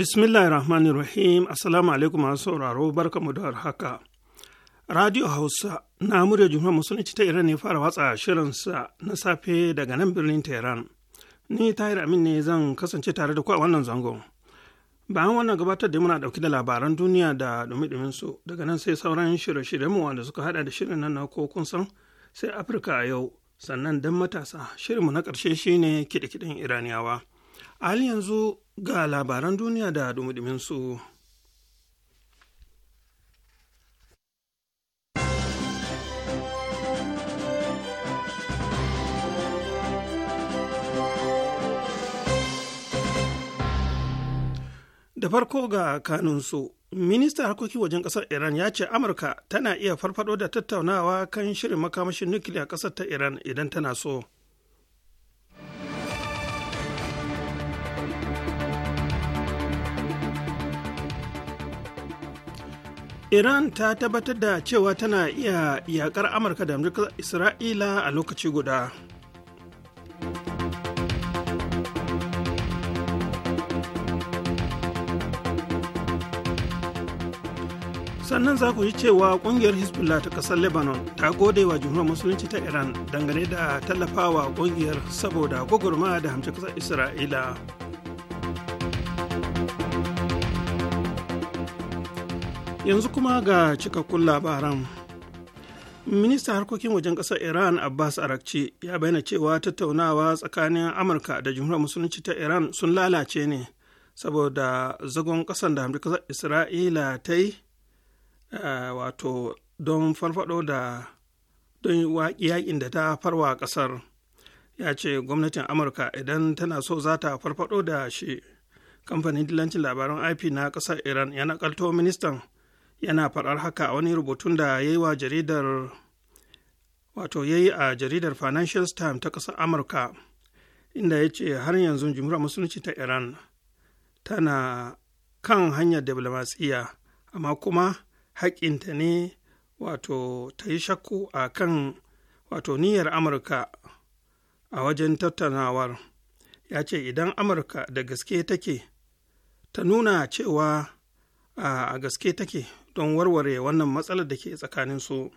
Bismillahirrahmanirrahim. Assalamu alaikum masu sauraro barkamu da haka. Radio Hausa na murya Jumhuriyar Musulunci ta Iran ne fara watsa shirinsa na safe daga nan birnin Tehran. Ni Tahir Amin ne zan kasance tare da ku a wannan zangon. Bayan wannan gabatar da muna dauki da labaran duniya da dumi su daga nan sai sauran shirye-shiryen mu wanda suka hada da shirin nan na ko kun san sai Afirka a yau sannan dan matasa shirin mu na karshe shine kide-kiden Iraniyawa. A yanzu ga labaran duniya da dumudumin su da farko ga kanunsu ministan harkoki wajen kasar iran ya ce amurka tana iya farfado da tattaunawa kan shirin makamashin nukiliya kasar ta iran idan tana so iran ta tabbatar da cewa tana iya yakar amurka da amurka isra'ila a lokaci guda sannan za ku ji cewa kungiyar hezbollah ta kasar lebanon ta gode wa jumhuriyar musulunci ta iran dangane da tallafawa kungiyar saboda gwagwarmaya da hamshe kasar isra'ila yanzu kuma ga cikakkun labaran ministan harkokin wajen ƙasar iran abbas arakci ya bayyana cewa tattaunawa tsakanin amurka da jamhuriyar musulunci ta iran sun lalace ne saboda zagon ƙasar da amurka isra'ila ta yi eh, wato don farfado da don yakin da ta farwa ƙasar ya ce gwamnatin amurka idan tana so za ta farfado da shi kamfanin dillancin labaran ip na ƙasar iran ya nakalto ministan yana faɗar haka a wani rubutun da ya yi wa jaridar wato ya yi a jaridar financial times ta ƙasar amurka inda ya ce har yanzu jumhuriyar musulunci ta iran tana kan hanyar diplomatsiya amma kuma haƙƙinta ne wato ta yi shakku a kan wato niyyar amurka a wajen tattaunawar ya ce idan amurka da gaske take ta nuna cewa a gaske take don warware wannan matsalar da ke tsakanin su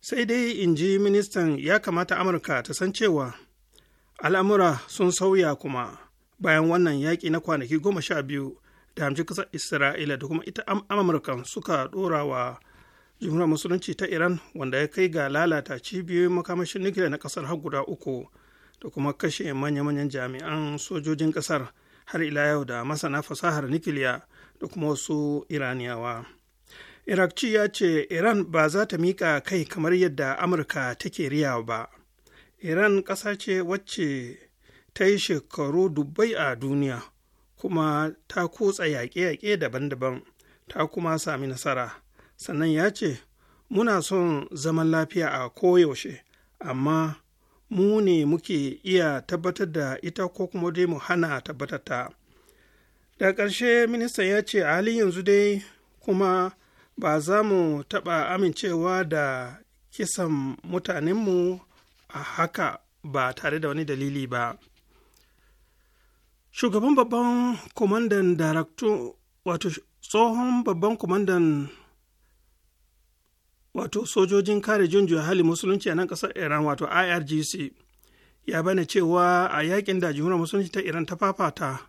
sai dai in ji ministan ya kamata amurka ta san cewa al'amura sun sauya kuma bayan wannan yaƙi na kwanaki goma sha biyu da hamci ƙasar isra'ila da kuma ita amurka suka ɗora wa jumhuriyar musulunci ta iran wanda ya kai ga lalata cibiyoyin makamashin nukiliya na kasar har guda uku da kuma kashe manya-manyan jami'an sojojin kasar har ila yau da masana fasahar nukiliya da kuma wasu iraniyawa irakci ya ce iran ba za ta miƙa kai kamar yadda amurka take riya ba iran ƙasa ce wacce ta yi shekaru dubbai a duniya kuma ta kutsa yaƙe-yaƙe daban-daban ta kuma sami nasara sannan ya ce muna son zaman lafiya a koyaushe amma mu ne muke iya tabbatar da ita ko kuma dai mu hana tabbatar ta da ƙarshe ministan ya ce a halin yanzu dai kuma ba za mu taɓa amincewa da kisan mutanenmu a haka ba tare da wani dalili ba shugaban babban kwamandan darakto wato tsohon babban kwamandan wato sojojin kare junju hali musulunci a nan ƙasar iran wato irgc ya bane cewa a yakin da jimhuriyar musulunci ta iran ta fafata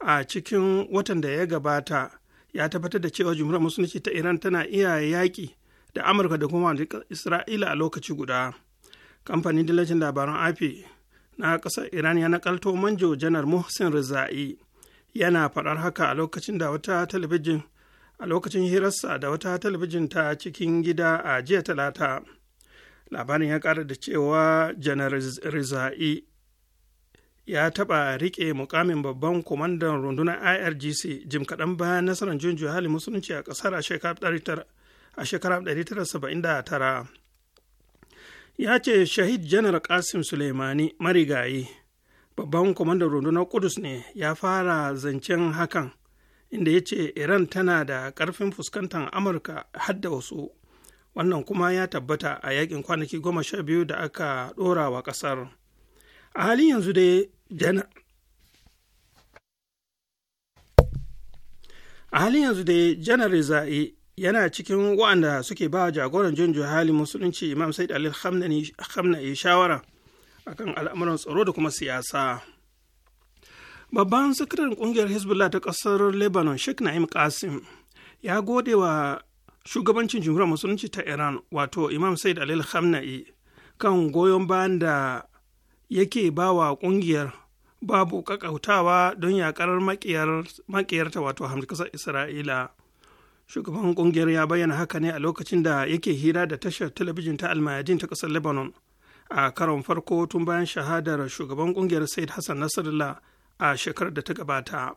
a cikin watan da ya gabata ya tabbatar da cewa jumhuriyar musulunci ta iran tana iya yaƙi da amurka da kuma isra'ila a lokaci guda kamfanin dillacin labaran afi na ƙasar iran ya nakalto manjo janar muhsin rizai yana faɗar haka a lokacin da wata talabijin a lokacin hirarsa da wata talabijin ta cikin gida a jiya talata labarin ya ƙara da cewa janar rizai ya taɓa riƙe mukamin babban kwamandan rundunar irgc jim kaɗan bayan nasarar jin hali musulunci a ƙasar a shekarar 1979 ya ce shahid janar kasim suleimani marigayi babban kwamandan rundunar kudus ne ya fara zancen hakan inda ya ce iran tana da ƙarfin fuskantar amurka hadda wasu wannan kuma ya tabbata a yakin kwanaki goma sha biyu da aka ɗora wa ƙasar a halin yanzu dai a halin yanzu dai janar riza'i yana cikin wa'anda suke ba jagoran jinjin hali musulunci imam said alil hamna'i shawara akan al'amuran tsaro da kuma siyasa babban sakataren kungiyar hezbollah ta ƙasar lebanon sheikh na'im qasim ya gode wa shugabancin jimhuriyar musulunci ta iran wato imam said alil hamna'i kan goyon bayan da yake ba wa ƙungiyar babu ƙaƙautawa don yaƙar maƙiyarta wato hamdukasar isra'ila shugaban ƙungiyar ya bayyana haka ne a lokacin da yake hira da tashar talabijin ta almayadin ta ƙasar lebanon a karon farko tun bayan shahadar shugaban ƙungiyar said hassan nasarallah a shekarar da ta gabata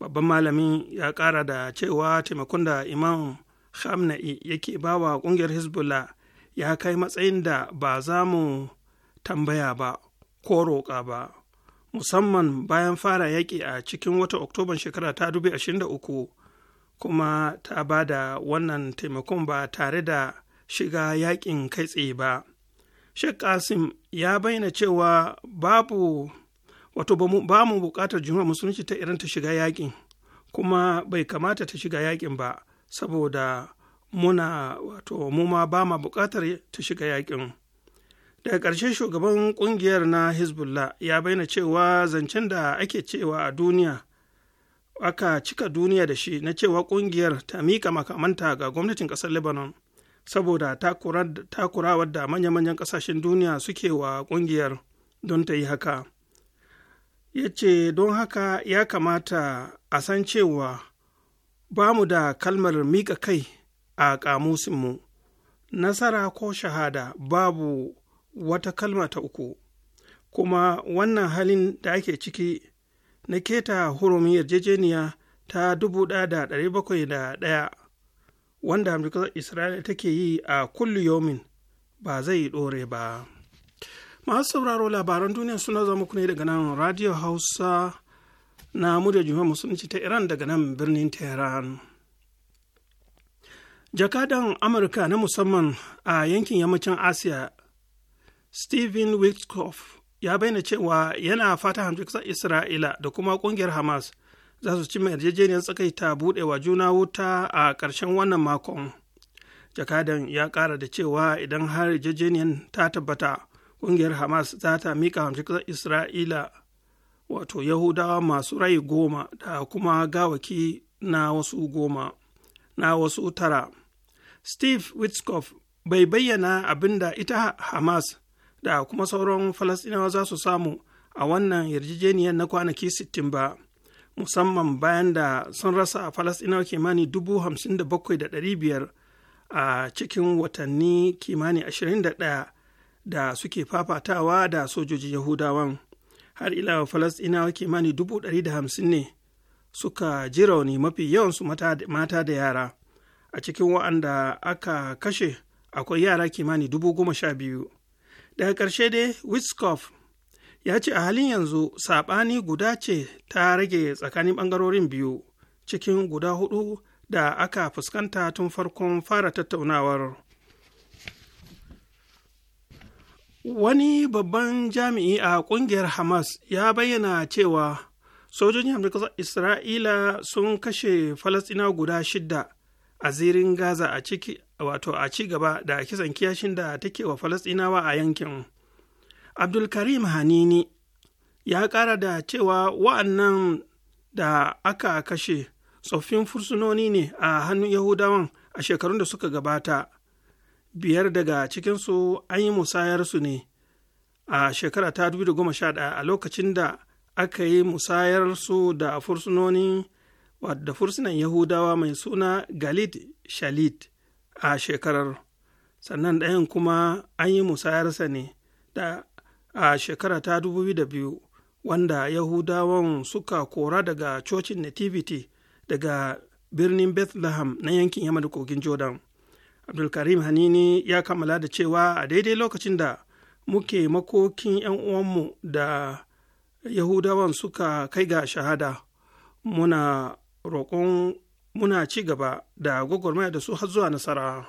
babban malamin ya kara da cewa taimakon da imam Khamenei yake bawa ƙungiyar hezbollah ya kai matsayin da ba za mu tambaya ba ko roƙa ba musamman bayan fara yaƙi a cikin wata oktoban shekara ta 2023 kuma ta ba da wannan taimakon ba tare da shiga yaƙin kai tsaye ba sheikh kasim ya bayyana cewa babu wato ba mu buƙatar jimar musulunci ta irin ta shiga yaƙin kuma bai kamata ta shiga yaƙin ba saboda muna wato mu ma ba ma buƙatar ta shiga yaƙin daga ƙarshe shugaban ƙungiyar na hezbollah ya bayyana cewa zancen da ake cewa a duniya aka cika duniya da shi na cewa ƙungiyar ta miƙa makamanta ga gwamnatin ƙasar lebanon saboda takurawar da manya-manyan ƙasashen duniya suke wa ƙungiyar don ta yi haka ya ce don haka ya kamata a san cewa ba mu da kalmar miƙa kai a ƙamusinmu nasara ko shahada babu wata kalma ta uku kuma wannan halin da ake ciki na keta hurumin yarjejeniya ta dubu da ɗaya wanda Amurka isra'ila take yi a kullu yomin ba zai ɗore ba masu sauraro labaran duniya suna zama muku ne daga nan radio hausa na muda juma musulunci ta iran daga nan birnin tehran jakadan amurka na musamman a yankin yammacin asiya Stephen Witkoff ya bayyana cewa yana fata hamshin Isra'ila da kuma ƙungiyar Hamas za su cimma yarjejeniyar tsakaita buɗewa juna wuta a ƙarshen wannan makon. Jakadan ya ƙara da cewa idan har yarjejeniyar ta tabbata, ƙungiyar Hamas za ta miƙa hamshin Isra'ila wato Yahudawa masu rai goma da kuma gawaki na wasu goma na wasu tara. Steve Witkoff bai bayyana abin da ita Hamas da kuma sauran falasɗinawa za su samu a wannan yarjejeniyar na kwanaki 60 ba musamman bayan da sun rasa falasɗinawa kimani 57,500 a cikin watanni kimani 21 da suke fafatawa da sojoji yahudawan har ila falasɗinawa kimani 150 ne suka ji rauni mafi yawansu mata da yara a cikin wa'anda aka kashe akwai yara kimani dubu goma sha biyu daga ƙarshe dai wiskof ya ce a halin yanzu saɓani guda ce ta rage tsakanin ɓangarorin biyu cikin guda hudu da aka fuskanta tun farkon fara tattaunawar wani babban jami'i a ƙungiyar hamas ya bayyana cewa sojojin amurka isra'ila sun kashe falastina guda shida a zirin gaza a ciki wato a ci gaba da kisan kiyashin da take wa falasɗinawa a yankin abdulkarim hanini ya ƙara da cewa wa'annan da aka kashe tsoffin fursunoni ne a hannun yahudawan a shekarun da suka gabata biyar daga cikinsu an yi musayarsu ne a shekara ta 2011 a lokacin da aka yi musayarsu da fursunonin da fursunan yahudawa mai suna galit shalit a shekarar sannan ɗayan kuma an yi musayarsa ne da a shekara ta 2002 wanda yahudawan suka kora daga cocin nativity daga birnin bethlehem na yankin yamma da kogin jordan abdulkarim hanini ya kammala da cewa a daidai lokacin da muke makokin 'yan uwanmu da yahudawan suka kai ga shahada muna roƙon muna ci gaba da gwagwarmaya da su har zuwa nasara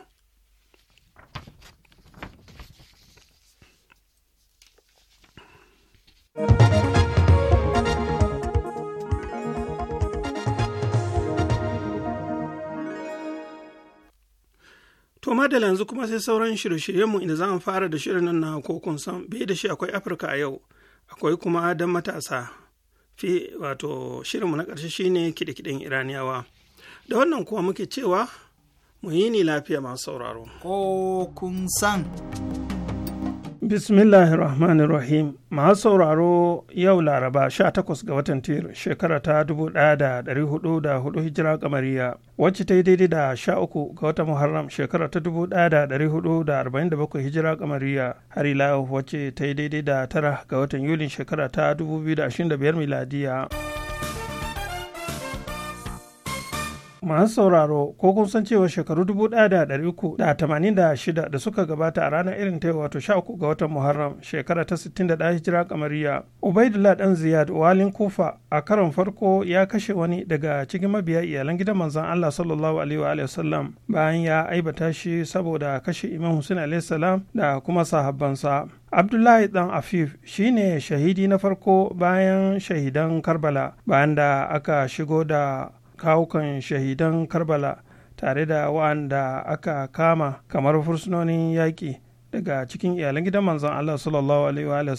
To madala yanzu kuma sai sauran shirye-shiryenmu inda za mu fara da shirin nan na kokon san biye da shi akwai Afirka a yau, akwai kuma dan matasa. Fi wato shirinmu na ƙarshe shine kide-kiden Iraniyawa. da wannan kuwa muke cewa mu yi ni lafiya masu sauraro ko kun san Bismillahirrahmanirrahim. masu sauraro yau laraba 18 ga watan tir shekara ta 1404 hijira kamariya wacce ta yi daidai da 13 ga watan muharram shekara ta 1447 hijira kamariya har ila wacce ta yi daidai da 9 ga watan yulin shekara ta 2025 miladiya. masu sauraro ko kun san cewa shekaru dubu 1386 da suka gabata a ranar irin ta wato 13 ga watan muharram shekara ta sittin 61 hijira kamariya ubaidullah dan ziyad walin kufa a karon farko ya kashe wani daga cikin mabiya iyalan gidan manzon allah sallallahu alaihi wa wasallam bayan ya aibata shi saboda kashe imam husain alaihi salam da kuma sahabbansa abdullahi dan afif shine shahidi na farko bayan shahidan karbala bayan da aka shigo da kawukan shahidan karbala tare da wa'anda aka kama kamar fursunonin yaƙi daga cikin iyalan gidan manzon Allah sallallahu alaihi wa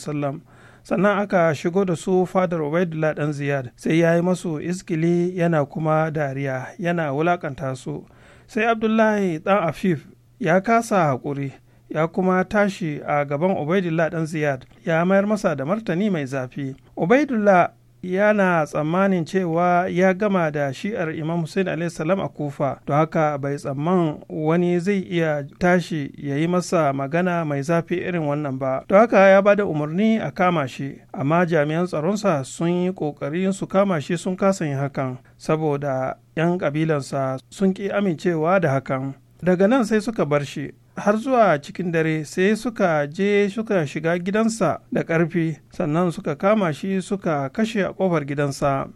sannan aka shigo da su fadar Ubaidullah dan Ziyad sai ya yi masu iskili yana kuma dariya yana wulakanta su sai Abdullahi dan Afif ya kasa haƙuri ya kuma tashi a gaban Ubaidullah dan Ziyad ya mayar masa da martani mai zafi Ubaidullah yana tsammanin cewa ya gama da shi'ar imam hussein salam a kufa to haka bai tsamman wani zai iya tashi ya yi masa magana mai zafi irin wannan ba to haka ya ba da umarni a kama shi amma jami'an tsaronsa sun yi kokari su kama shi sun kasa yin hakan saboda 'yan ƙabilansa sun ki amincewa da hakan daga nan sai suka bar shi har zuwa cikin dare sai suka je suka shiga gidansa da ƙarfi sannan suka kama shi suka kashe a ƙofar gidansa.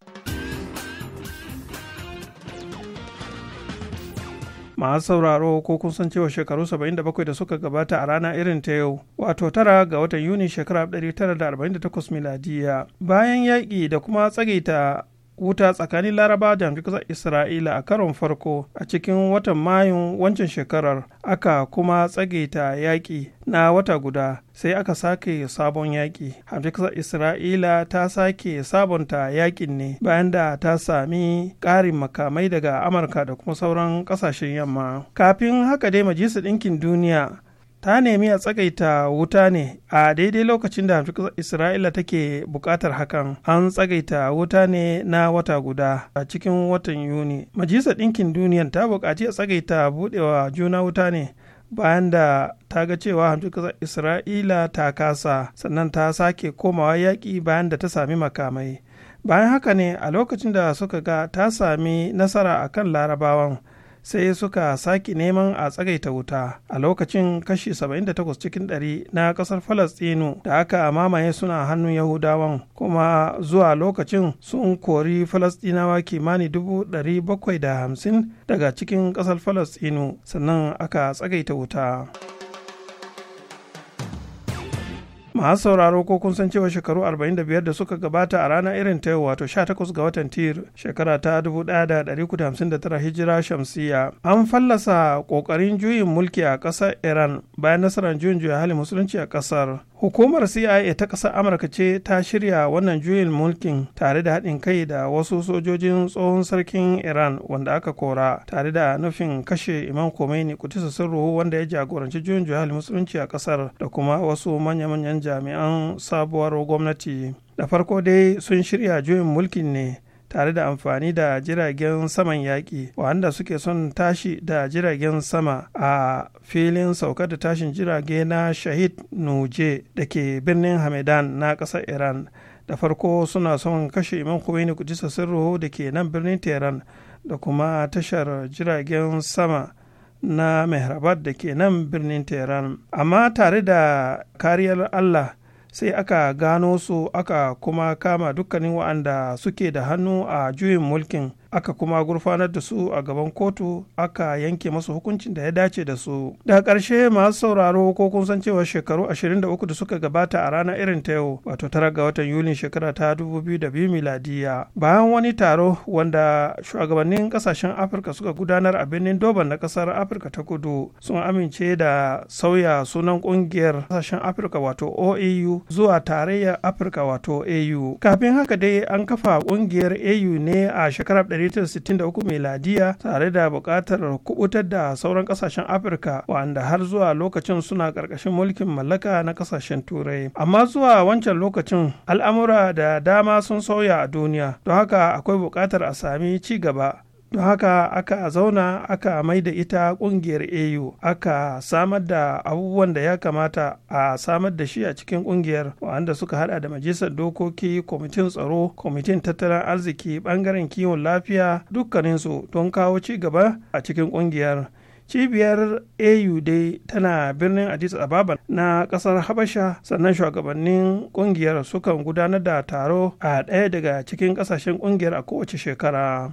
masu sauraro ko kun san cewa shekaru 77 da suka gabata a rana irin ta yau wato tara ga watan yuni shekara 1948 miladiya bayan yaƙi da kuma tsagaita wuta tsakanin laraba da kasar isra'ila a karon farko a cikin watan mayun wancan shekarar aka kuma tsage ta yaƙi na wata guda sai aka sake sabon yaƙi kasar isra'ila ta sake sabonta yaƙin ne bayan da ta sami ƙarin makamai daga amurka da kuma sauran ƙasashen yamma kafin haka dai majalisar ɗinkin duniya ta nemi a tsagaita wuta ne a daidai lokacin da isra'ila take bukatar hakan an tsagaita wuta ne na wata guda a cikin watan yuni majalisar ɗinkin duniyan ta buƙaci a tsagaita buɗewa juna wuta ne bayan da ta ga cewa hamshin isra'ila ta kasa sannan ta sake komawa yaƙi bayan da ta sami makamai bayan haka ne a lokacin da suka ga ta sami nasara akan larabawan sai suka sake neman a tsagaita wuta a lokacin kashi 78 cikin 100 na ƙasar falastinu da aka mamaye suna hannun yahudawan kuma zuwa lokacin sun kori falastinawa kimani 750 daga cikin ƙasar falastinu sannan aka tsagaita wuta. masu sauraro ko kun san cewa shekaru 45 da suka gabata a rana irin ta yau wato 18 ga watan tir shekara ta 1959 hijira shamsiya an fallasa kokarin juyin mulki a ƙasar iran bayan nasarar juyin juya hali musulunci a ƙasar Hukumar CIA ta ƙasar Amurka ce ta shirya wannan juyin mulkin tare da haɗin kai da wasu sojojin tsohon sarkin Iran wanda aka kora tare da nufin kashe Imam Khomeini kutisa sirruhu wanda ya jagoranci juyin juhal musulunci a ƙasar da kuma wasu manya-manyan jami'an sabuwar gwamnati. Da farko dai sun shirya juyin mulkin ne tare da amfani da jiragen saman yaƙi wanda suke son tashi da jiragen sama a filin saukar da tashin jirage na shahid nuje da ke birnin hamadan na ƙasar iran da farko suna son kashe kuwaini khomeini kudisa sirruhu da ke nan birnin tehran da kuma tashar jiragen sama na mehrabad da ke nan birnin tehran amma tare da kariyar allah sai aka gano su aka kuma kama dukkanin wa'anda suke da hannu a juyin mulkin aka kuma gurfanar da su a gaban kotu aka yanke masu hukuncin da ya dace da su daga ƙarshe masu sauraro ko kun san cewa shekaru 23 da suka gabata a ranar irin ta yau wato tara ga watan yulin shekara ta 2002 miladiya bayan wani taro wanda shugabannin kasashen afirka suka gudanar a birnin doban na ƙasar afirka ta kudu sun amince da sauya sunan ƙungiyar kasashen afirka wato oau zuwa tarayyar afirka wato au kafin haka dai an kafa ƙungiyar au ne a shekarar 163 miladiya tare da buƙatar kubutar da sauran ƙasashen afirka wanda har zuwa lokacin suna ƙarƙashin mulkin mallaka na ƙasashen turai amma zuwa wancan lokacin al'amura da dama sun sauya a duniya don haka akwai buƙatar a sami ci gaba don haka aka zauna aka mai da ita kungiyar au aka samar da abubuwan da ya kamata a samar da shi a cikin kungiyar wanda suka hada da majalisar dokoki kwamitin tsaro kwamitin tattalin arziki bangaren kiwon lafiya dukkaninsu don kawo ci gaba a cikin kungiyar cibiyar au dai tana birnin addis ababa na kasar habasha sannan shugabannin kungiyar sukan gudanar da taro a ɗaya daga cikin ƙasashen kungiyar a kowace shekara.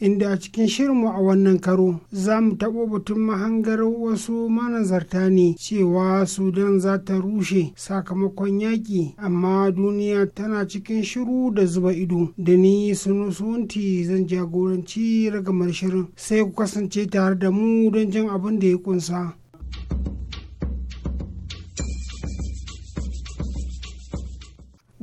inda a cikin shirinmu a wannan karo za mu taɓo batun mahangar wasu manazarta ne cewa sudan za ta rushe sakamakon yaƙi amma duniya tana cikin shiru da zuba ido da ni sunti zan jagoranci ragamar shirin sai ku kasance tare da mu don jin abin da ya kunsa.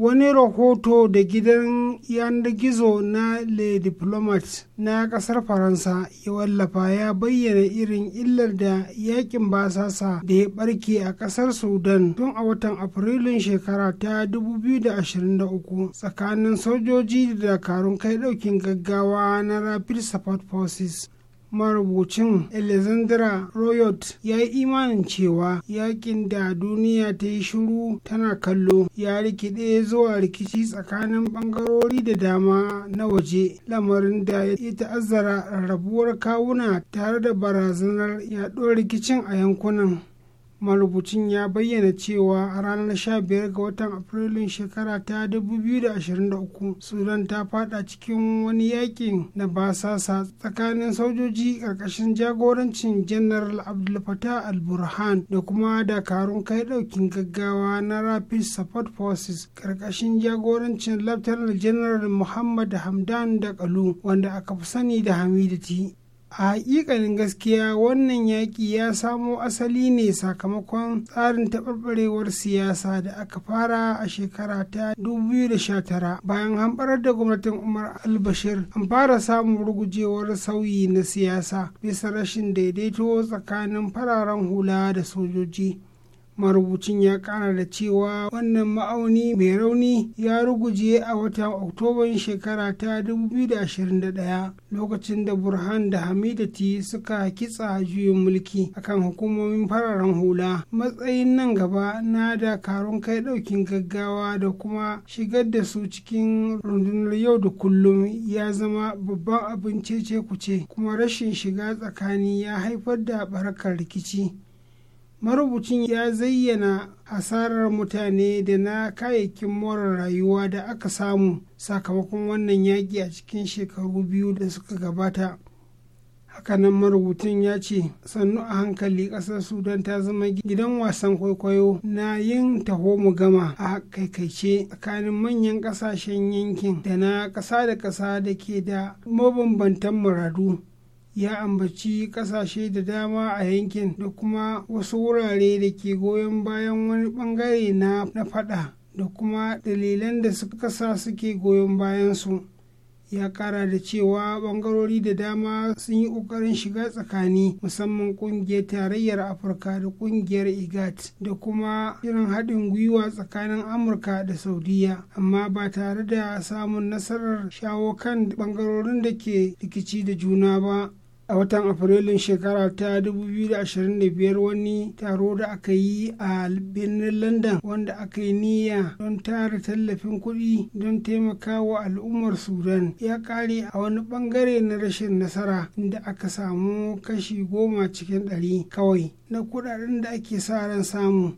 wani rahoto da gidan yanar gizo na le diplomat na kasar faransa ya wallafa ya bayyana irin illar da yakin basasa da ya barke a kasar sudan tun a watan afrilun shekara ta 2023 tsakanin sojoji da dakarun kai daukin gaggawa na rapid support forces marubucin alexandra royot ya yi imanin cewa yakin da duniya ta yi shiru tana kallo ya rikide zuwa rikici tsakanin bangarori da dama na waje lamarin da ya ta'azzara rarrabuwar kawuna tare da barazanar yaɗuwar rikicin a yankunan marubucin ya bayyana cewa a ranar 15 ga watan afrilun shekara ta 2023 sudan ta fada cikin wani yakin da ba sasa tsakanin sojoji karkashin jagorancin general abdul fatah al-burhan da kuma dakarun kai daukin gaggawa na rapid support forces karkashin jagorancin lieutenant general muhammad hamdan da kalu wanda aka fi sani da hamidati a haƙiƙanin gaskiya wannan yaƙi ya samo asali ne sakamakon tsarin taɓarɓarewar siyasa da aka fara a shekara ta 2019 bayan hamɓarar da gwamnatin umar albashir an fara samun rugujewar sauyi na siyasa bisa rashin daidaito tsakanin fararen hula da sojoji marubucin ya kara da cewa wannan ma'auni mai rauni ya ruguje a watan oktoban shekara ta 2021 lokacin da burhan da hamidati suka kitsa juyin mulki akan hukumomin fararen hula matsayin nan gaba na dakarun kai daukin gaggawa da kuma shigar da su cikin rundunar yau da kullum ya zama babban abin cece kuce kuma rashin shiga tsakani ya haifar da barakar rikici marubucin ya zayyana hasarar mutane da na kayayyakin more rayuwa da aka samu sakamakon wannan yaƙi a cikin shekaru biyu da suka gabata hakanan marubucin ya ce sannu a hankali ƙasar sudan ta zama gidan wasan kwaikwayo na yin taho mu gama a kaikaice tsakanin manyan ƙasashen yankin da na ƙasa da ƙasa da ke da mabambantan muradu ya ambaci kasashe da dama a yankin da kuma wasu wurare da ke goyon bayan wani bangare na fada da kuma dalilan da suka sa suke goyon bayansu ya kara da cewa bangarori da dama sun yi kokarin shiga tsakani musamman kungiyar tarayyar afirka da kungiyar igat da kuma irin haɗin gwiwa tsakanin amurka da saudiya amma ba tare da samun nasarar shawo kan bangarorin da ke rikici da juna ba a watan afrilun shekara ta 2025 wani taro da aka yi a birnin london wanda aka yi niyya don tara tallafin kuɗi don taimaka wa al'ummar sudan ya ƙare a wani ɓangare na rashin nasara inda aka samu kashi goma cikin ɗari kawai na kuɗaɗen da ake sa ran samu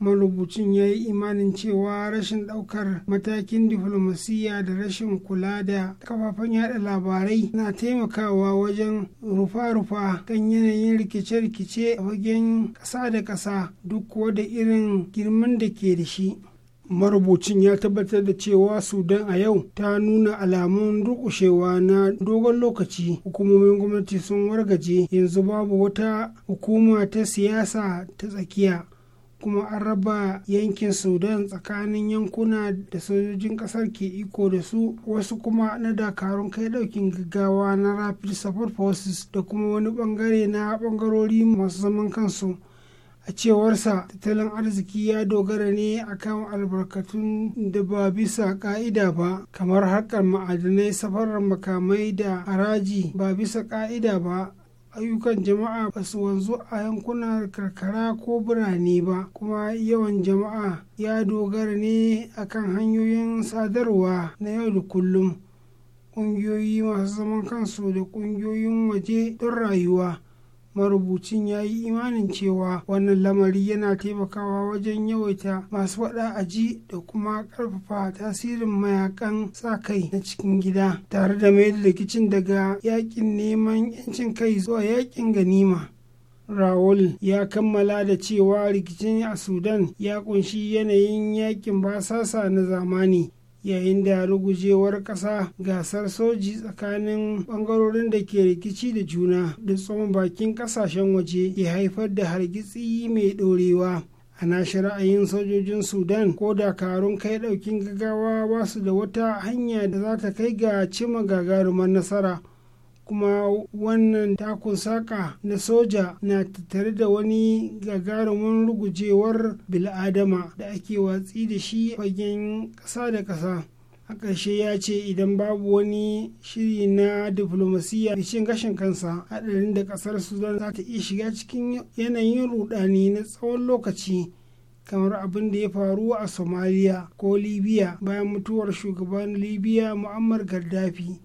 marubucin ya yi imanin cewa rashin daukar matakin diflomasiyya da rashin kula da kafafen yada labarai na taimakawa wajen rufa-rufa kan yanayin rikice-rikice a fagen kasa da kasa duk kuwa da irin girman da ke da shi marubucin ya tabbatar da cewa sudan a yau ta nuna alamun rukushewa na dogon lokaci hukumomin gwamnati sun wargaje yanzu babu wata hukuma ta siyasa ta tsakiya kuma an raba yankin sudan tsakanin yankuna da sojojin kasar ke iko da su wasu kuma na dakarun kai daukin gaggawa na rapid support forces da kuma wani bangare na bangarori masu zaman kansu a cewarsa tattalin arziki ya dogara ne akan albarkatun da ba bisa ka'ida ba kamar harkar ma'adanai safarar makamai da haraji ba bisa ka'ida ba ayyukan jama'a ba su wanzu a yankunan karkara ko birane ba kuma yawan jama'a ya dogara ne akan hanyoyin sadarwa na yau da kullum ƙungiyoyi masu zaman kansu da ƙungiyoyin waje don rayuwa marubucin ya yi imanin cewa wannan lamari yana taimakawa wajen yawaita masu faɗa aji da kuma ƙarfafa tasirin mayakan sa kai na cikin gida tare da mai da rikicin daga yakin neman 'yancin kai zuwa yakin ganima Raul ya kammala da cewa rikicin a Sudan ya kunshi yanayin yakin basasa na zamani yayin da rugujewar ƙasa gasar soji tsakanin ɓangarorin da ke rikici da juna da tsohon bakin ƙasashen waje ke haifar da hargitsi mai ɗorewa a nashi ra'ayin sojojin sudan ko dakarun kai ɗaukin gaggawa ba su da wata hanya da za ta kai ga cima gagarumar nasara kuma wannan takun saka na soja na tattare da wani gagarumin rugujewar bil'adama da ake watsi da shi fagen ƙasa da ƙasa a ƙarshe ya ce idan babu wani shiri na diflomasiyya da cin gashin kansa haɗarin da ƙasar sudan za ta iya shiga cikin yanayin rudani na tsawon lokaci kamar abin da ya faru a somaliya ko libya bayan mutuwar shugaban libya muammar gaddafi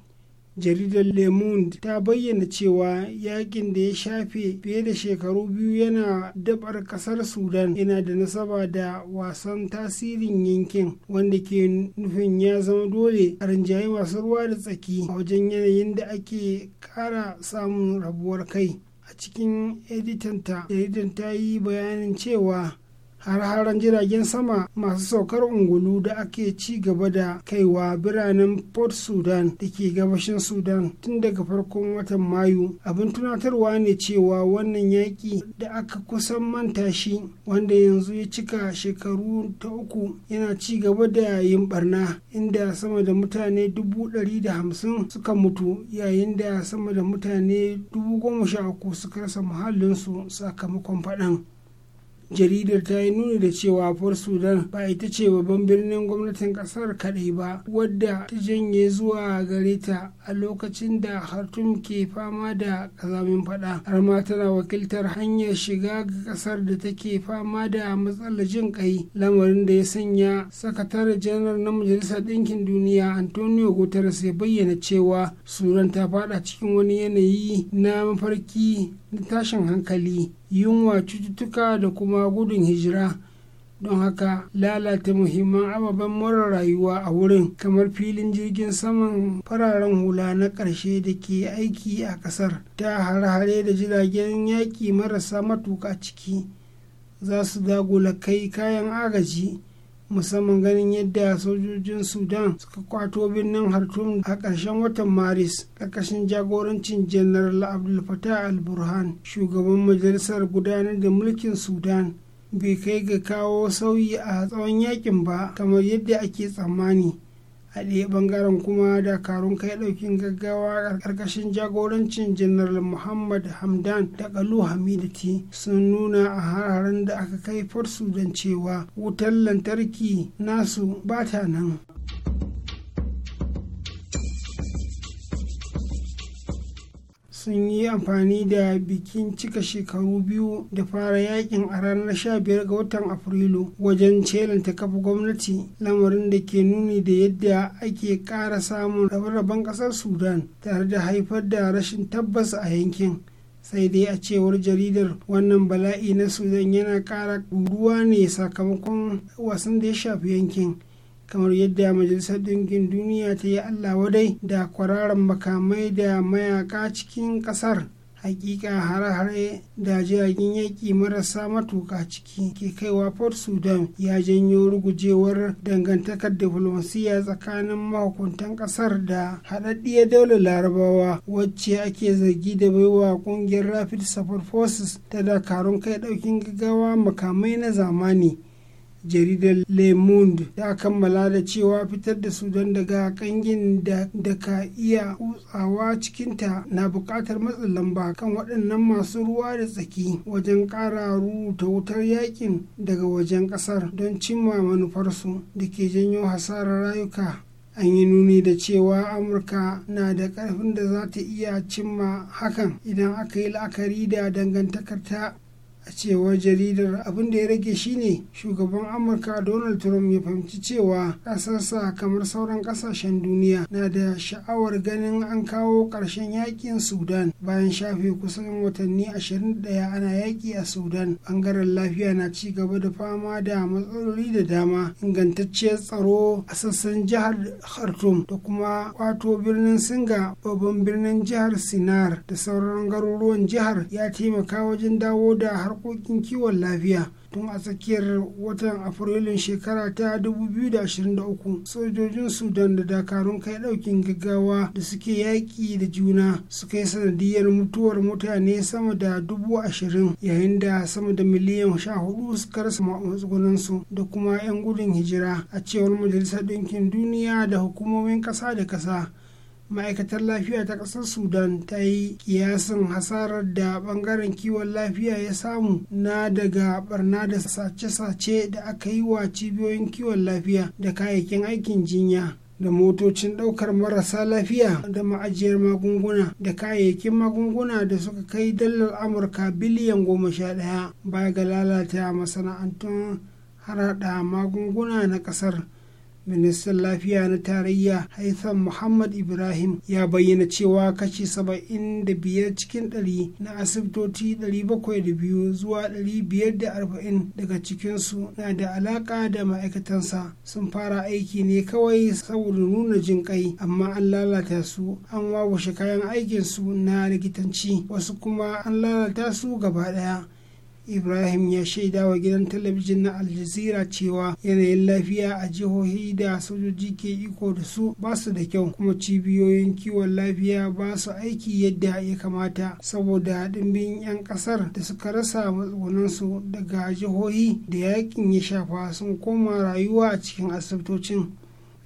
jaridar le monde ta bayyana cewa yakin da ya shafe fiye da shekaru biyu yana dabar kasar sudan yana da nasaba da wasan tasirin yankin wanda ke nufin ya zama dole a rinjaye masu ruwa da tsaki a wajen yanayin da ake kara samun rabuwar kai a cikin editanta jaridar ta yi bayanin cewa har-haren jiragen sama masu saukar ungulu da ake ci gaba da kaiwa biranen port sudan da ke gabashin sudan tun daga farkon watan mayu abin tunatarwa ne cewa wannan yaƙi da aka kusan manta shi wanda yanzu ya cika shekaru ta uku yana ci gaba da yin barna inda sama da mutane dubu ɗari da hamsin suka mutu yayin da sama da mutane dubu goma sha uku suka rasa muhallinsu sakamakon faɗan jaridar ta yi nuna da cewa for sudan ba ita ce babban birnin gwamnatin kasar kaɗai ba wadda ta janye zuwa gare ta a lokacin da hartum ke fama da kazamin fada har ma tana wakiltar hanyar shiga ga kasar da take fama da matsalar jin kai lamarin da ya sanya sakatare janar na majalisar ɗinkin duniya antonio guterres ya bayyana cewa sudan ta fada cikin wani yanayi na mafarki Na tashin hankali yunwa cututtuka da kuma gudun hijira don haka lalata muhimman ababen mara rayuwa a wurin kamar filin jirgin saman fararen hula na ƙarshe da ke aiki a ƙasar ta hare-hare da jiragen yaƙi marasa matuka ciki za su dagula kai kayan agaji musamman ganin yadda sojojin sudan suka kwato birnin hartum a ƙarshen watan maris ƙarƙashin jagorancin janaral AbdulFatah fatah al-burhan shugaban majalisar gudanar da mulkin sudan bai kai ga kawo sauyi a tsawon yakin ba kamar yadda ake tsammani a ɗaya ɓangaren kuma dakarun kai ɗaukin gaggawa a ƙarƙashin jagorancin janar muhammad hamdan da ƙalu hamidati sun nuna a hararen da aka kai fort sudan cewa wutar lantarki nasu ba ta nan sun yi amfani da bikin cika shekaru biyu da fara yakin a ranar 15 ga watan afrilu wajen ta kafa gwamnati lamarin da ke nuni da yadda ake kara samun rabe-raben ƙasar sudan tare da haifar da rashin tabbas a yankin sai dai a cewar jaridar wannan bala'i na sudan yana kara ruwa ne sakamakon wasan da ya shafi yankin kamar yadda majalisar ɗinkin duniya ta yi allah wadai da kwararan makamai da mayaka cikin ƙasar hakika hare-hare da jiragen yaƙi marasa matuka ciki ke kaiwa port sudan ya janyo rugujewar dangantakar diflomasiyya tsakanin mahukuntan ƙasar da haɗaɗɗiyar daular larabawa wacce ake zargi da baiwa ƙungiyar rapid support forces ta dakarun kai ɗaukin gaggawa makamai na zamani jaridar le monde ta kammala da cewa fitar da sudan daga kangin da ka iya kutsawa cikinta na buƙatar matsin lamba kan waɗannan masu ruwa da tsaki wajen ƙara ta wutar yakin daga wajen ƙasar don cimma manufarsu da ke janyo hasarar rayuka an yi nuni da cewa amurka na da ƙarfin da za ta iya cimma hakan idan aka yi la'akari da dangantakarta a cewar jaridar abin da ya rage shine shugaban amurka donald trump ya fahimci cewa ƙasarsa kamar sauran ƙasashen duniya na da sha'awar ganin an kawo ƙarshen yakin sudan bayan shafe kusan watanni 21 ana yaƙi a sudan Bangaren lafiya na ci gaba da fama da matsaloli da dama ingantacciyar tsaro a sassan jihar khartoum da kuma kwato birnin singa babban birnin jihar sinar da sauran garuruwan jihar ya taimaka wajen dawo da harkokin kiwon lafiya tun a tsakiyar watan afrilun shekara ta 2023 sojojin sudan da dakarun kai daukin gaggawa da suke yaƙi da juna suka yi sanadiyar mutuwar mutane sama da dubu ashirin yayin da sama da miliyan sha hudu suka rasa su, da kuma 'yan gudun hijira a cewar majalisar ɗinkin duniya da hukumomin ƙasa da ƙasa ma'aikatar lafiya ta ƙasar sudan ta yi kiyasin hasarar da ɓangaren kiwon lafiya ya samu na daga barna da sace-sace da aka yi wa cibiyoyin kiwon lafiya da kayayyakin aikin jinya da motocin ɗaukar marasa lafiya da ma'ajiyar magunguna da kayayyakin magunguna da suka kai dalar amurka biliyan goma sha ɗaya baya ga lalata masana'antun harada magunguna na ƙasar. ministan lafiya na tarayya haitham muhammad ibrahim ya bayyana cewa kashi 75 cikin 100 na asibitoci 702 zuwa 540 daga cikinsu na da alaka da ma'aikatansa sun fara aiki ne kawai saboda nuna jin kai amma an lalata su an wawashe kayan aikinsu na likitanci wasu kuma an lalata su gaba daya ibrahim ya shaida wa gidan talabijin na aljazira cewa yanayin lafiya a jihohi da sojoji ke iko da su ba su da kyau kuma cibiyoyin kiwon lafiya ba su aiki yadda ya kamata saboda ɗimbin 'yan ƙasar da suka rasa matsugunansu daga jihohi da yakin ya shafa sun koma rayuwa a cikin asibitocin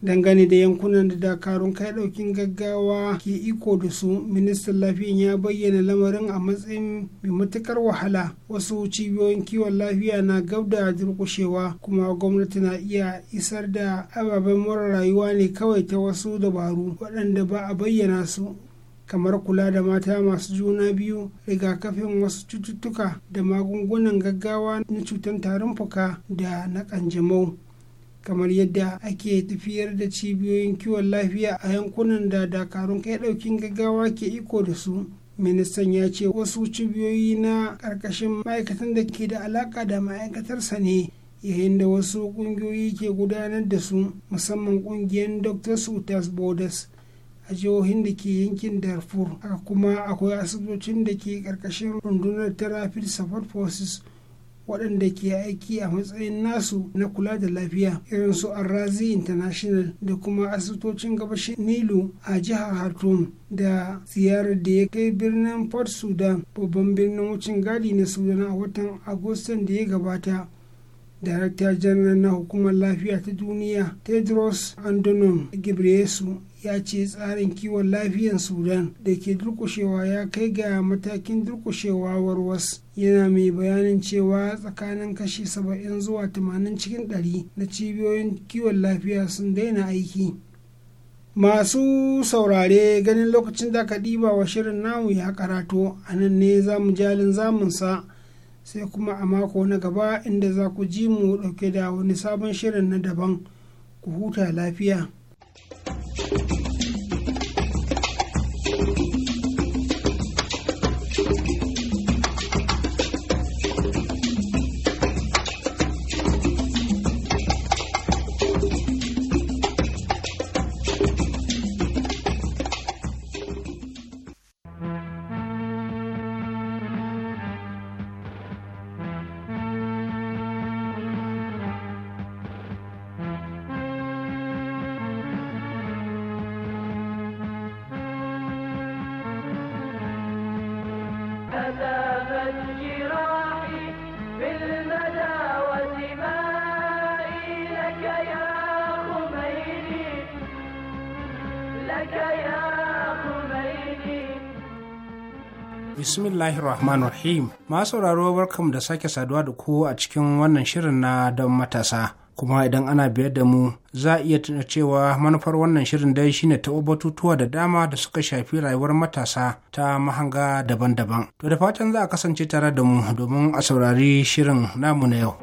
dangane da yankunan da dakarun kai daukin gaggawa ke iko da su ministan lafiyan ya bayyana lamarin a matsayin mai matukar wahala wasu cibiyoyin kiwon lafiya na gab da durkushewa kuma gwamnati na iya isar da ababen mara rayuwa ne kawai ta wasu dabaru waɗanda ba a bayyana su kamar kula da mata masu juna biyu rigakafin wasu cututtuka da magungunan gaggawa na cutar tarin fuka da na kanjamau kamar yadda ake tafiyar da cibiyoyin kiwon lafiya a yankunan da dakarun kai daukin gaggawa ke iko da su ministan ya ce wasu cibiyoyi na ƙarƙashin ma'aikatan da ke da alaƙa da ma'aikatarsa ne yayin da wasu ƙungiyoyi ke gudanar da su musamman ƙungiyar dr sutas borders a jihohin da ke yankin darfur haka kuma akwai asibitocin da ke ƙarƙashin rundunar ta rapid support forces waɗanda ke aiki a matsayin nasu na kula da lafiya irin su arrazi international da kuma asibitocin gabashin nilu a jihar hartum da ziyarar da ya kai birnin port sudan babban birnin wucin gadi na sudan a watan agustan da ya gabata darakta janar na hukumar lafiya ta duniya tedros andonon gibresu ya ce tsarin kiwon lafiyan sudan da ke durkushewa ya kai ga matakin durkushewa warwas yana mai bayanin cewa tsakanin kashi 70 zuwa 80 cikin 100 na cibiyoyin kiwon lafiya sun daina aiki masu saurare ganin lokacin da aka ɗiba wa shirin namu ya karato a nan ne za mu jalin zamunsa sai kuma a mako na gaba inda za ku ji mu ɗauke da wani sabon shirin na daban ku huta lafiya bismillahir rahmanir rahim ma sauraro barkamu da sake saduwa da ku a cikin wannan shirin na don matasa kuma idan ana biyar da mu za a iya tuna cewa manufar wannan shirin dai shine taɓo batutuwa da dama da suka shafi rayuwar matasa ta mahanga daban-daban to da fatan za a kasance tare da mu domin a saurari shirin namu na yau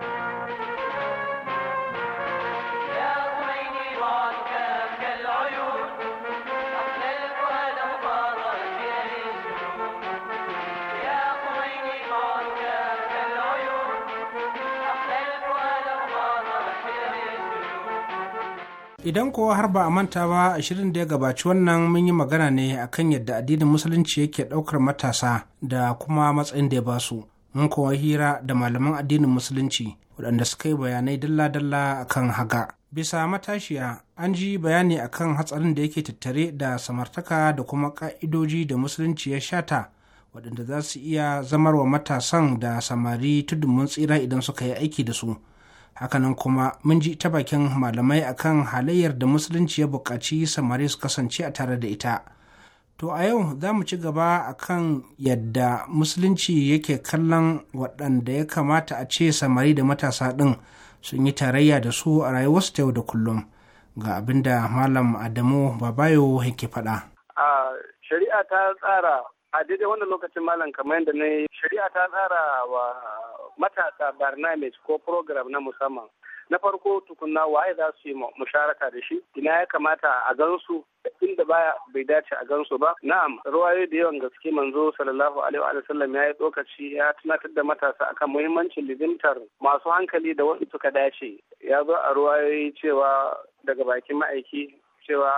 idan kowa har ba a manta ba a shirin da ya gabaci wannan mun yi magana ne akan yadda addinin musulunci yake ɗaukar matasa da kuma matsayin da ya ba su mun kowa hira da malaman addinin musulunci waɗanda suka yi bayanai dalla-dalla akan haga bisa matashiya an ji bayani akan hatsarin da yake tattare da samartaka da kuma ƙa'idoji da musulunci ya shata waɗanda za su iya zamarwa matasan da samari tudun mun tsira idan suka yi aiki da su hakanan kuma mun ji ta bakin malamai akan halayyar da musulunci ya buƙaci samari su kasance a tare da ita to a yau za mu ci gaba akan yadda musulunci yake kallon waɗanda ya kamata a ce samari da matasa ɗin sun yi tarayya da su a rayuwarsu ta yau da kullum ga abin da malam adamu babayo yake faɗa. shari'a ta tsara a daidai wannan lokacin malam kamar yadda na shari'a ta tsara wa matasa barnamij ko program na musamman na farko tukunna waye za su yi musharaka da shi ina ya kamata a gansu inda baya bai dace a gansu ba na'am ruwaye da yawan gaske manzo sallallahu alaihi wa sallam ya yi tsokaci ya tunatar da matasa akan muhimmancin lidimtar masu hankali da wasu suka dace ya zo a ruwaye cewa daga bakin ma'aiki cewa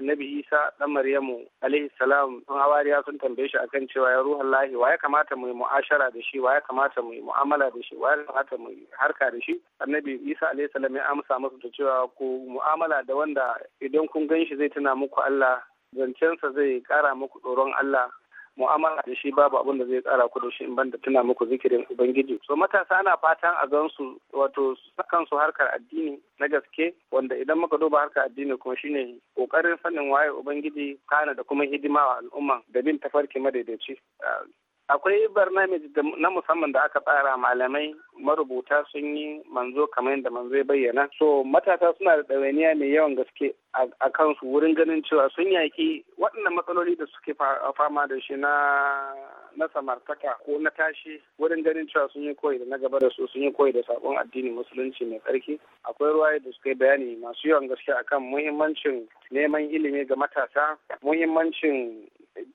annabi isa dan maryamu alaihi salam sun hawariya sun tambaye shi akan cewa ya ruhan lahi wa ya kamata mu yi mu'ashara da shi wa ya kamata mu yi mu'amala da shi wa ya kamata mu yi harka da shi annabi isa alaihi salam ya amsa musu da cewa ku mu'amala da wanda idan kun gan shi zai tuna muku allah zancensa zai kara muku tsoron allah mu'amala da shi babu abin da zai tsara ku da shi in banda tuna muku zikirin ubangiji so matasa ana fatan a gan su wato sakan su harkar addini na gaske wanda idan muka duba harkar addini kuma shine kokarin sanin waye ubangiji kana da kuma hidima al'umma da bin tafarki madaidaici ah, akwai barnamij na musamman da aka tsara malamai marubuta sun yi manzo kamar yadda manzo ya bayyana so matasa suna da ɗawainiya mai yawan gaske a kansu wurin ganin cewa sun yaƙi waɗannan matsaloli da suke fama da shi na na samartaka ko na tashi wurin ganin cewa sun yi koyi da na gaba da su sun yi koyi da sabon addini musulunci mai tsarki akwai ruwaye da suka yi bayani masu yawan gaske akan muhimmancin neman ilimi ga matasa muhimmancin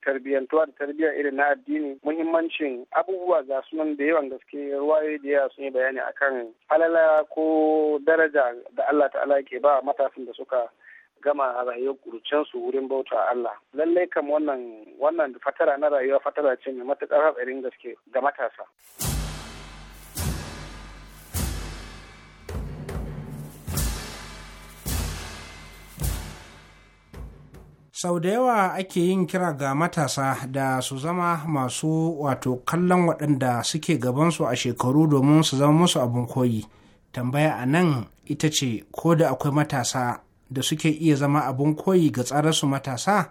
tarbiyantuwa da tarbiyya irin na addini muhimmancin abubuwa ga sunan da yawan gaske ruwaye da yawa sun yi bayani akan halala ko daraja da Allah ta'ala ke ba matasan da suka gama rayuwar kurucensu wurin bauta a Allah lallai kam wannan wannan fatara na rayuwa fatara ce mai matuƙar hatsarin gaske ga matasa. sau da yawa ake yin kira ga matasa da su zama masu wato kallon waɗanda suke gabansu a shekaru domin su zama musu abin koyi tambaya a nan ita ce ko da akwai matasa da suke iya zama abin koyi ga tsararsu matasa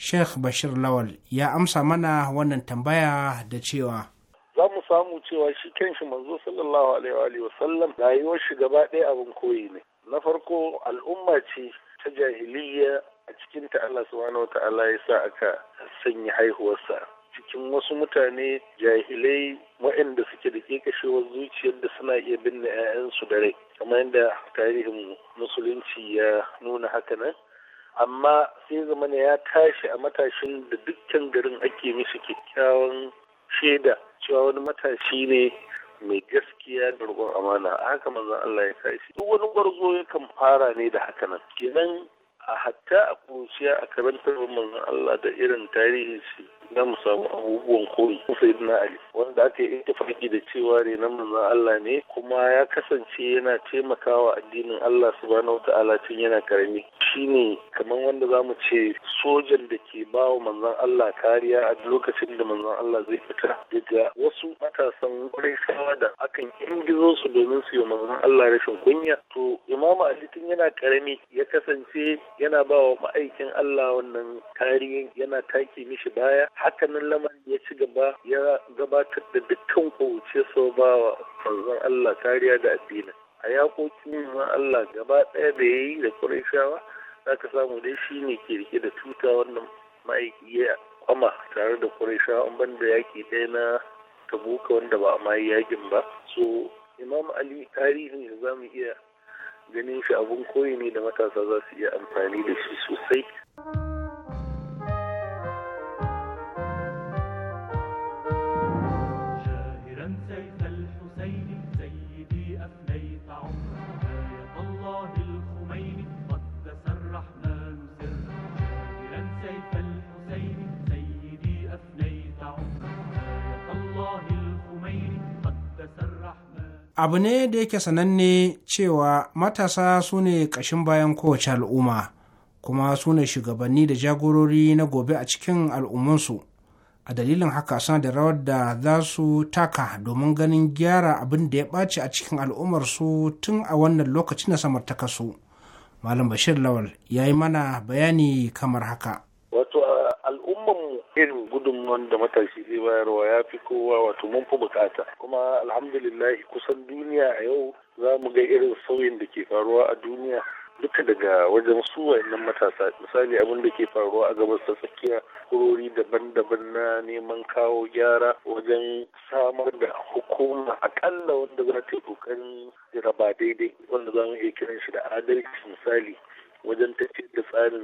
sheikh bashir lawal ya amsa mana wannan tambaya da cewa za mu samu cewa shi kanshi manzo sallallahu alaihi wa sallam rayuwar shi gaba ɗaya abin koyi ne na farko al'umma ce ta jahiliya a cikin ta Allah subhanahu wata'ala ya sa aka sanya haihuwarsa cikin wasu mutane jahilai waɗanda suke da kekashewar zuciyar da suna iya binne 'ya'yansu da rai kamar yadda tarihin musulunci ya nuna haka nan amma sai zamana ya tashi a matashin da dukkan garin ake mishi kyakkyawan shaida cewa wani matashi ne mai gaskiya da amana. amana haka manzon Allah ya kashi duk wani gwarzo yakan fara ne da haka nan kenan a hatta a kusiya a karantar manzon Allah da irin tarihi shi na mu samu abubuwan koyi sai na Ali wanda aka yi farki da cewa ne na manzon Allah ne kuma ya kasance yana taimakawa addinin Allah subhanahu wata'ala tun yana karami shine kamar wanda zamu ce sojan da ke ba wa manzon Allah kariya a lokacin da manzon Allah zai fita daga wasu matasan wurin sama da akan ingizo su domin su yi manzon Allah rashin kunya to Imam Ali tun yana karami ya kasance yana ba wa ma'aikin Allah wannan tarihin yana take mishi baya hakanan lamar ya ci gaba ya gabatar da dukkan kowace so ba wa manzon Allah kariya da addini a yakokin ma Allah gaba ɗaya da yayi da Qurayshawa zaka samu dai shine ke rike da tuta wannan ma'aiki ya kwama tare da Qurayshawa an banda yaki ɗaya na Tabuka wanda ba a ma yakin ba so Imam Ali tarihin za zamu iya ganin shi abun koyi ne da matasa za su iya amfani da shi sosai. abu ne da yake sananne cewa matasa su ne ƙashin bayan kowace al'umma kuma su ne shugabanni da jagorori na gobe a cikin al'ummansu a dalilin haka suna da rawar da za su taka domin ganin gyara abin da ya ɓace a cikin al'ummarsu tun a wannan lokacin na samartaka su malam bashir lawal ya yi mana bayani kamar haka irin gudunmuwan da matashi zai bayarwa ya fi kowa wato mun fi bukata kuma alhamdulillah, kusan duniya a yau za mu ga irin sauyin da ke faruwa a duniya duka daga wajen su wayannan matasa misali abin da ke faruwa a gabas ta tsakiya kurori daban-daban na neman kawo gyara wajen samar da hukuma akalla wanda za ta yi kokarin raba daidai wanda za mu iya kiran shi da adalci misali wajen tafiyar da tsarin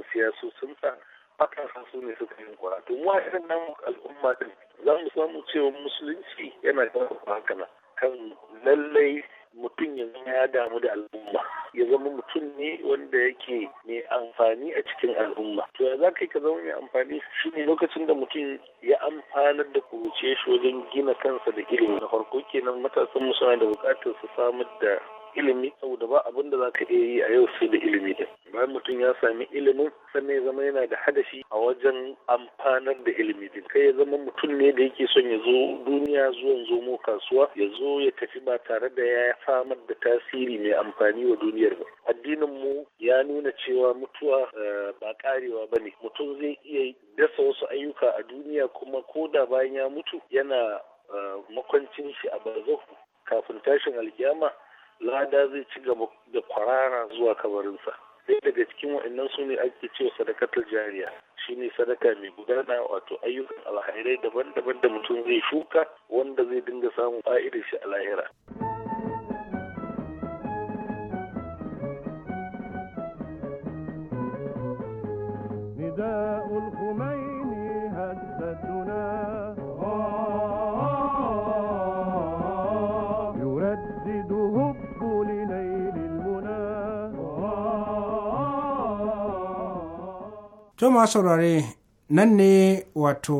sa hakan su ne suka yi kwara to mu irin nan al'umma din za mu samu cewa musulunci yana da haka nan kan lallai mutum ya zama ya damu da al'umma ya zama mutum ne wanda yake mai amfani a cikin al'umma to ya za ka yi ka zama mai amfani shi ne lokacin da mutum ya amfanar da kuruce shi wajen gina kansa da ilimi na farko kenan matasan musulmai da bukatar su samar da ilimi saboda ba abin da za ka iya yi a yau sai da ilimi din bayan mutum ya sami ilimin sannan ya zama yana da hadashi a wajen amfanar da ilimi din kai ya zama mutum ne da yake son ya zo duniya zuwan zomo kasuwa ya zo ya tafi ba tare da ya samar da tasiri mai amfani wa duniyar ba addinin mu ya nuna cewa mutuwa eh, ba karewa ba ne mutum zai iya dasa wasu ayyuka a duniya kuma ko da bayan ya mutu yana eh, makwancin shi a bazo kafin tashin alkiyama lada zai ci gaba da kwarara zuwa kabarinsa sai daga cikin wa'annan su ne ake cewa sadakatar jariya shine sadaka mai gudana wato ayyukan alhairai daban-daban da mutum zai shuka wanda zai dinga samun fa'idar shi a lahira. to ma saurare nan ne wato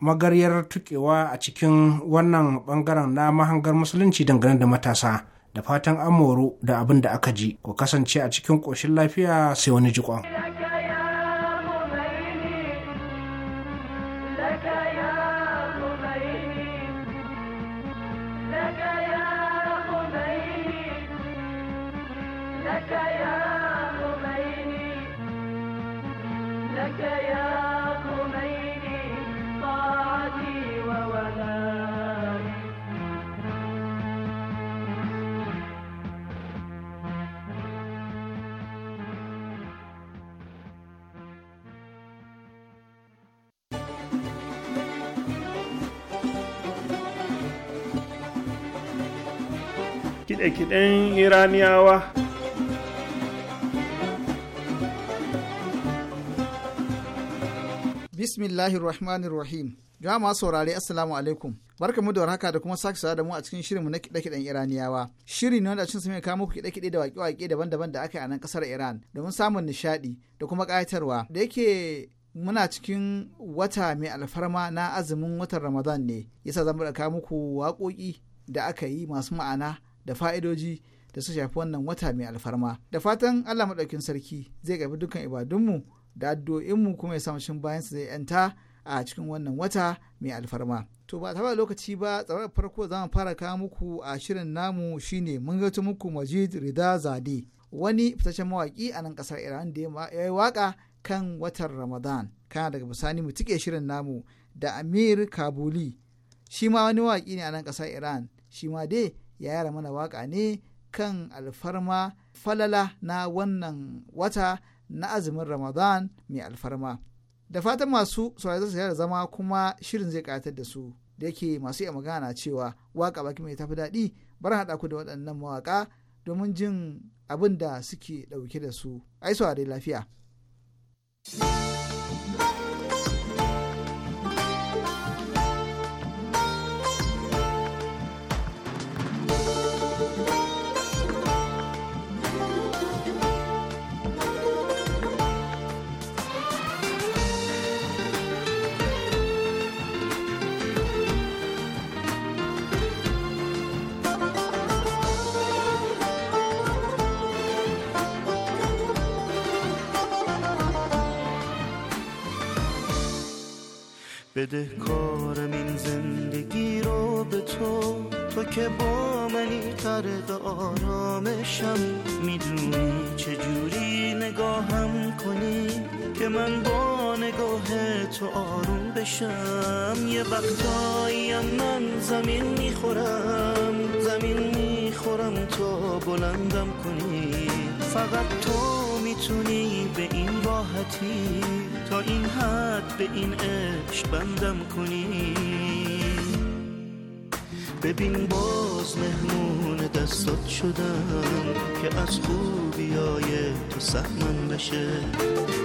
magaryar tukewa a cikin wannan bangaren na mahangar musulunci dangane da matasa da fatan amoru da abin da aka ji ku kasance a cikin ƙoshin lafiya sai wani jikon. iraniyawa bismillahirrahmanirrahim jama'a saurare assalamu alaikum barkamu da warhaka da kuma sake da mu a cikin shirinmu na kiɗe-kiɗen iraniyawa shiri ne wanda cin su mai kawo muku kiɗe-kiɗe da waƙe-waƙe daban-daban da aka yi a nan ƙasar iran domin samun nishaɗi da kuma ƙayatarwa da yake muna cikin wata mai alfarma na azumin watan ramadan ne yasa zan kawo muku waƙoƙi da aka yi masu ma'ana da fa'idoji da su shafi wannan wata mai alfarma da fatan allah maɗaukin sarki zai gabi dukkan ibadunmu da addu'o'inmu kuma ya samu shin bayan zai yanta a cikin wannan wata mai alfarma to ba taɓa lokaci ba tsawon farko za mu fara kawo muku a shirin namu shine mun gato muku majid rida zade wani fitaccen mawaƙi a nan ƙasar iran da ya yi waƙa kan watan ramadan kana daga bisani mu tike shirin namu da amir kabuli shi ma wani waƙi ne a nan ƙasar iran shi ma dai ya yara mana waƙa ne kan alfarma falala na wannan wata na azumin ramadan mai alfarma da fatan masu saurari su da zama kuma shirin zai karatar da su da yake masu iya magana cewa waka baki mai tafi daɗi bar haɗa ku da waɗannan mawaƙa domin jin abin da suke ɗauke da su ai saurari lafiya. بده کارم این زندگی رو به تو تو که با منی قرق آرامشم میدونی چجوری نگاهم کنی که من با نگاه تو آروم بشم یه وقتایی من زمین میخورم زمین میخورم تو بلندم کنی فقط تو میتونی به این راحتی تا این حد به این عشق بندم کنی ببین باز مهمون دستات شدم که از خوبیای تو سهمن بشه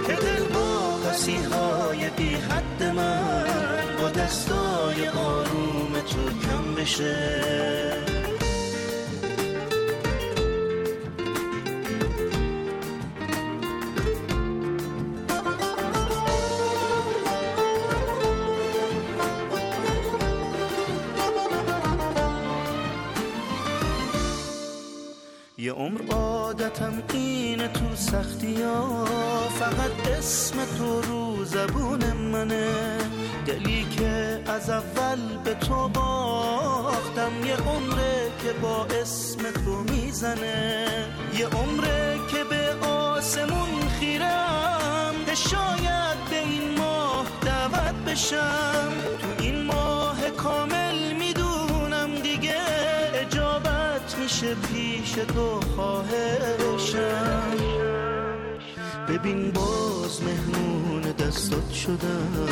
که دل با های بی حد من با دستای آروم تو کم بشه یه عمر عادتم اینه تو سختی ها فقط اسم تو رو زبون منه دلی که از اول به تو باختم یه عمره که با اسم تو میزنه یه عمره که به آسمون خیرم که شاید به این ماه دعوت بشم تو این ماه کامل می همیشه پیش تو خواهشم ببین باز مهمون دستات شدم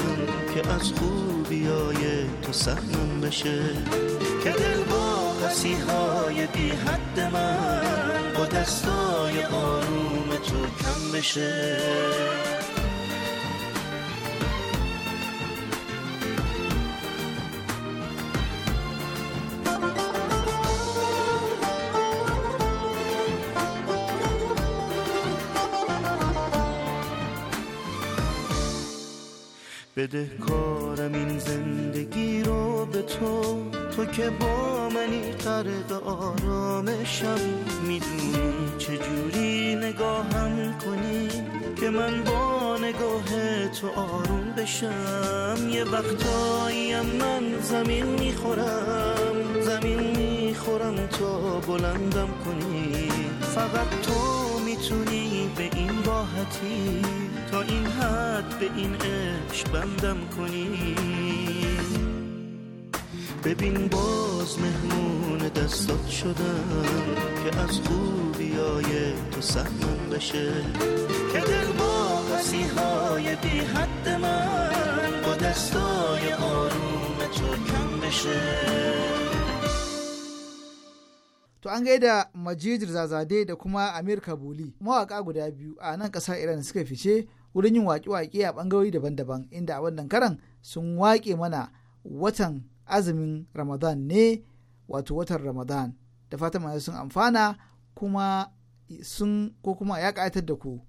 که از خوبیای تو سهمم بشه که دل با قصیهای بی حد من با دستای آروم تو کم بشه بده کارم این زندگی رو به تو تو که با منی غرق آرامشم میدونی چجوری نگاهم کنی که من با نگاه تو آروم بشم یه وقتایی من زمین میخورم زمین میخورم تو بلندم کنی فقط تو میتونی به این راحتی تا این حد به این عشق بندم کنی ببین باز مهمون دستات شدم که از خوبیای تو سهمم بشه که دل با های بی حد من با دستای آروم تو کم بشه To an gaida Majijir Zazade da kuma Amir Kabuli mawaka guda biyu a nan ƙasar Iran suka fice wurin yin waƙe-waƙe a ɓangarori daban-daban inda a wannan karan sun waƙe mana watan azumin Ramadan ne wato watan Ramadan da fatan mana sun amfana kuma sun ko kuma ya ƙayatar da ku.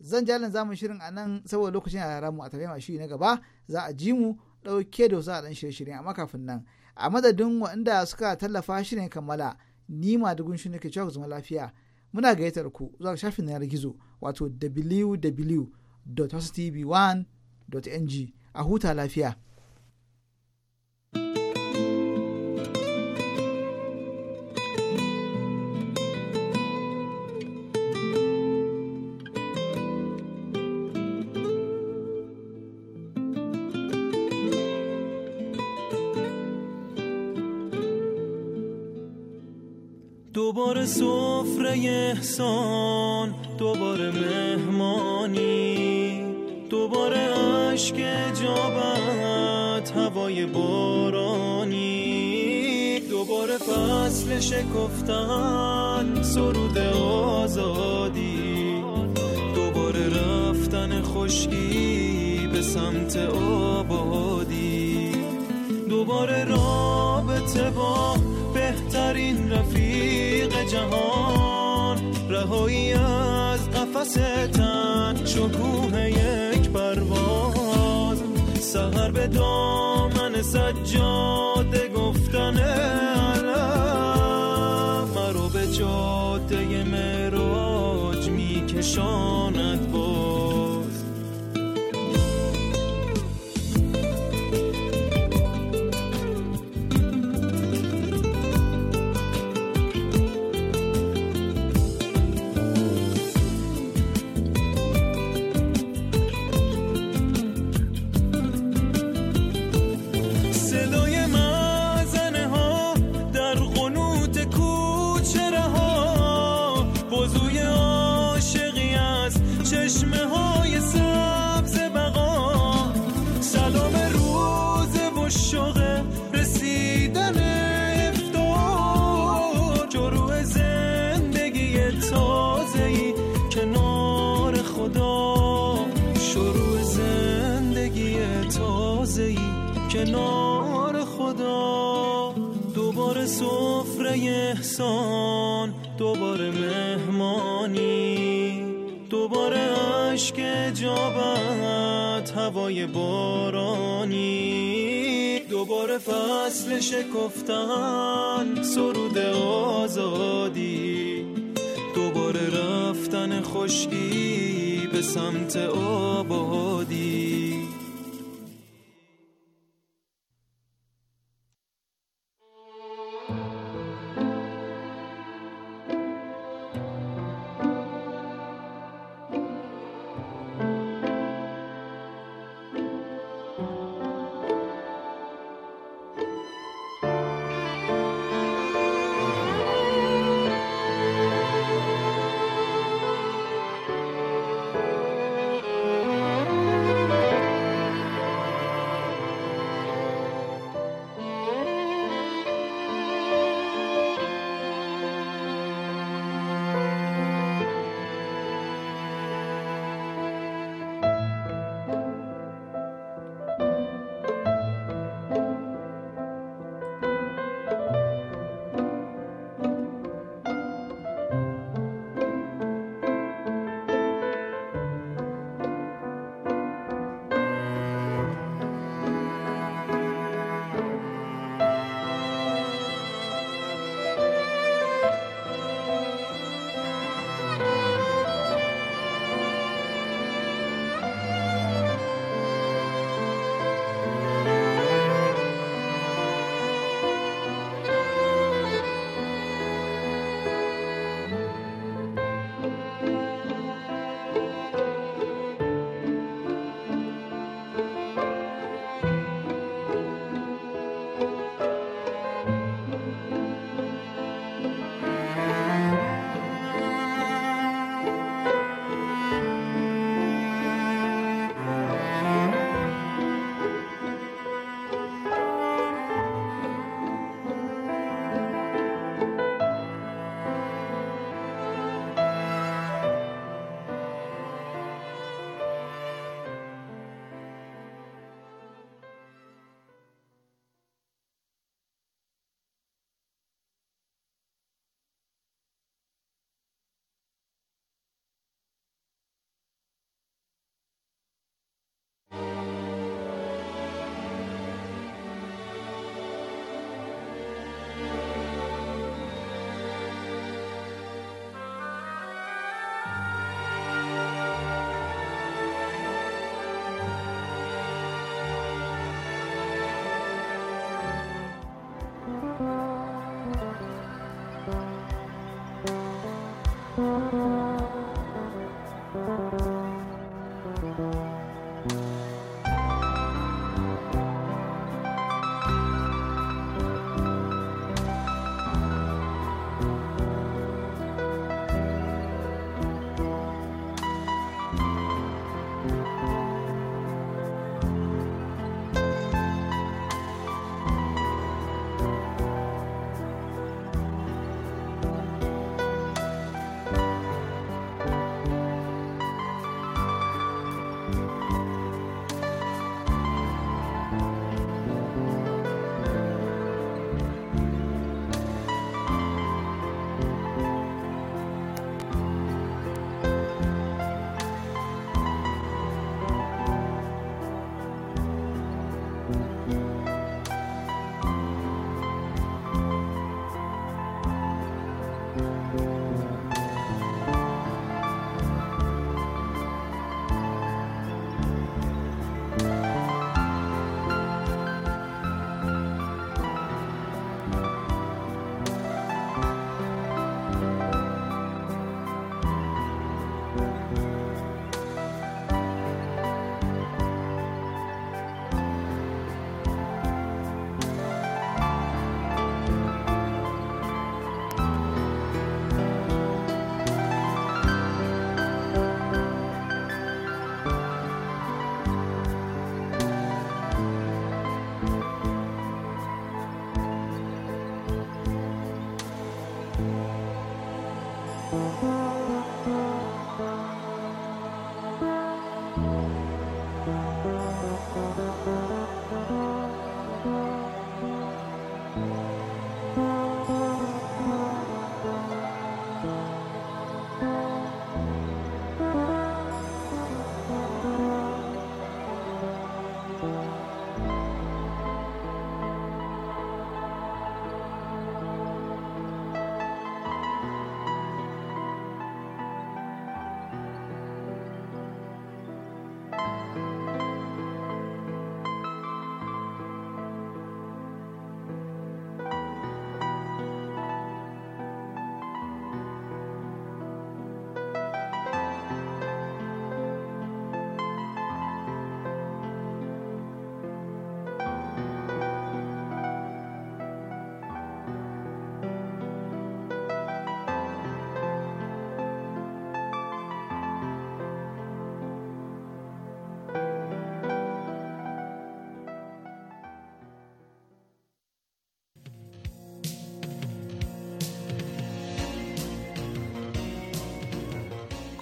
Zan jalin zamu shirin a nan saboda lokacin a mu a tafiya shi na gaba za a ji mu ɗauke da wasu a ɗan shirye-shirye amma kafin nan a madadin waɗanda suka tallafa shirin kammala. ni madugun shi ne ke cewa zama lafiya muna gayyatar ku zuwa shafin na yanar gizo wato www.hostv1.ng a huta lafiya. دوباره سفره احسان دوباره مهمانی دوباره عشق جابت هوای بارانی دوباره فصل شکفتن سرود آزادی دوباره رفتن خشکی به سمت آبادی دوباره رابطه با بهترین رفیق رهایی از قفس تن شکوه یک پرواز سهر به دامن سجاده گفتن علم مرو به جاده مراج میکشان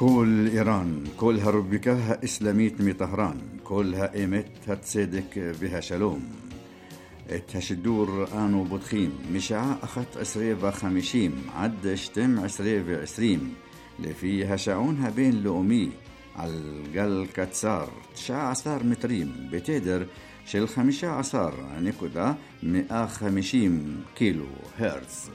كل إيران كلها ربكها إسلاميت مي طهران كلها إيمت هتسيدك بها شلوم الدور آنو بدخيم مشاع أخت عسرية خمشيم عد شتم عسرية عسريم لفي هشعونها بين لؤمي على كتسار تشاع عصار متريم بتدر عصار نكودا مئة خمشيم كيلو هرتز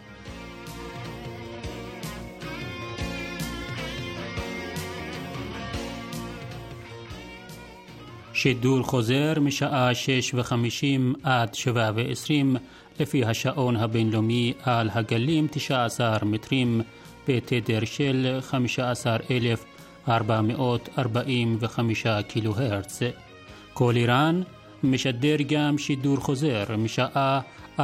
שידור חוזר משעה 6:50 עד 7:20 לפי השעון הבינלאומי על הגלים 19 מטרים בתדר של 15,445 קילו הרץ. כל איראן משדר גם שידור חוזר משעה 4:20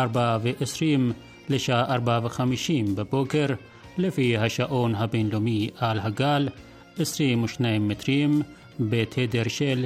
לשעה 4:50 בבוקר לפי השעון הבינלאומי על הגל 22 מטרים בתדר של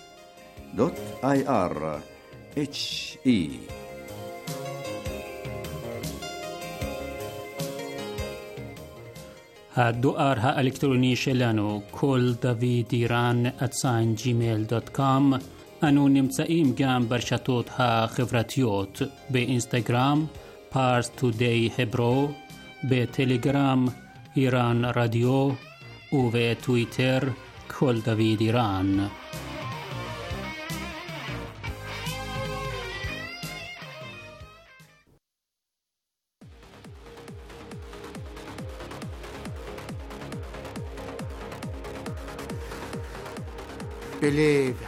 www.hr.ir H-E دو ها الکترونی شلانو کل دوید ایران ات جیمیل دوت کام انو نمتسائیم گم برشتوت ها خفرتیوت به انستگرام پارس تو دی هبرو به تلگرام ایران رادیو و به تویتر کل دوید ایران ele